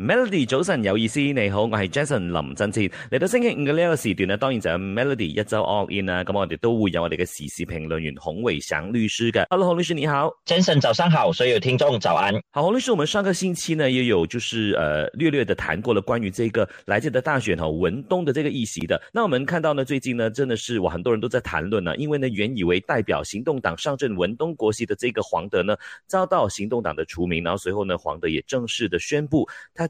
Melody 早晨，有意思，Johnson，你好，我是 Jason 林振志，嚟到星期五嘅呢一個時段呢當然就 Melody 一周 all in 啦、啊，咁我哋都會有我哋嘅時事評論員洪偉祥律師嘅。Hello，洪律師你好，Jason 早上好，所有聽眾早安。好，洪律師，我們上個星期呢，又有就是呃略略的談過了關於這個來自的大選哈文冬的這個議席的，那我們看到呢最近呢，真的是我很多人都在談論呢、啊，因為呢原以為代表行動黨上陣文冬國席的這個黃德呢，遭到行動黨的除名，然後隨後呢黃德也正式的宣佈他。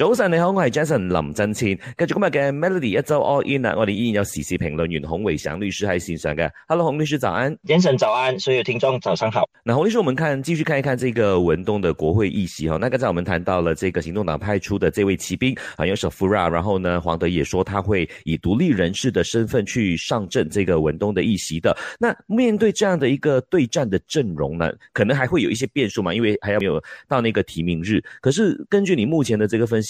周三你好，我是 Jason 林振千，跟住今日嘅 Melody t 周 All In 啊，我哋依然有時事評論員孔偉祥律師還喺線上感 Hello，孔律師早安。早晨早安，所以有聽眾早上好。那孔律師，我們看繼續看一看這個文東的國會議席哦。那剛才我們談到了這個行動黨派出的這位騎兵，啊，叫做 Fura，然後呢，黃德也說他會以獨立人士的身份去上陣這個文東的議席的。那面對這樣的一個對戰的陣容呢，可能還會有一些變數嘛，因為還要沒有到那個提名日。可是根據你目前的這個分析。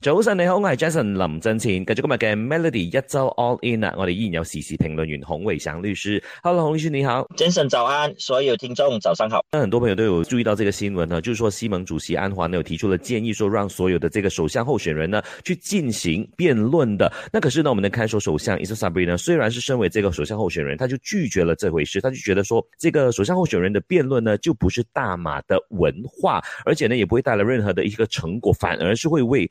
早晨，你好，我係 Jason 林真情。感謝各位嘅 Melody 一周 All In 啊，我哋疫苗 CC 評論員洪偉祥律師，Hello，孔律師你好，Jason 早安，所有聽眾早上好。很多朋友都有注意到這個新聞呢，就是說西蒙主席安華呢有提出了建議，說讓所有的這個首相候選人呢去進行辯論的。那可是呢，我們的開守首相伊斯沙貝呢，雖然是身為這個首相候選人，他就拒絕了這回事，他就覺得說，這個首相候選人的辯論呢，就不是大馬的文化，而且呢，也不會帶來任何的一個成果，反而是會為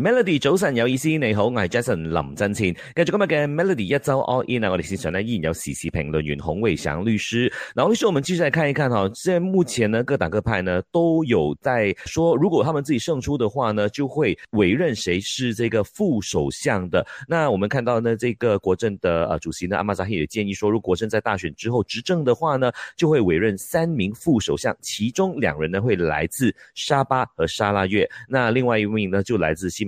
Melody 早晨有意 C 你好，我係 Jason 林振前，跟住今日嘅 Melody 一周 All In 啊，我哋線上咧依然有時事評論員洪偉祥律師。那呢，於是我們繼續來看一看哈，即係目前呢各黨各派呢都有在說，如果他們自己勝出的話呢，就會委任誰是這個副首相的。那我們看到呢，這個國陣的啊主席呢，阿瑪扎希也建議說，如果國陣在大選之後執政的話呢，就會委任三名副首相，其中兩人呢會來自沙巴和沙拉越，那另外一位呢就來自新。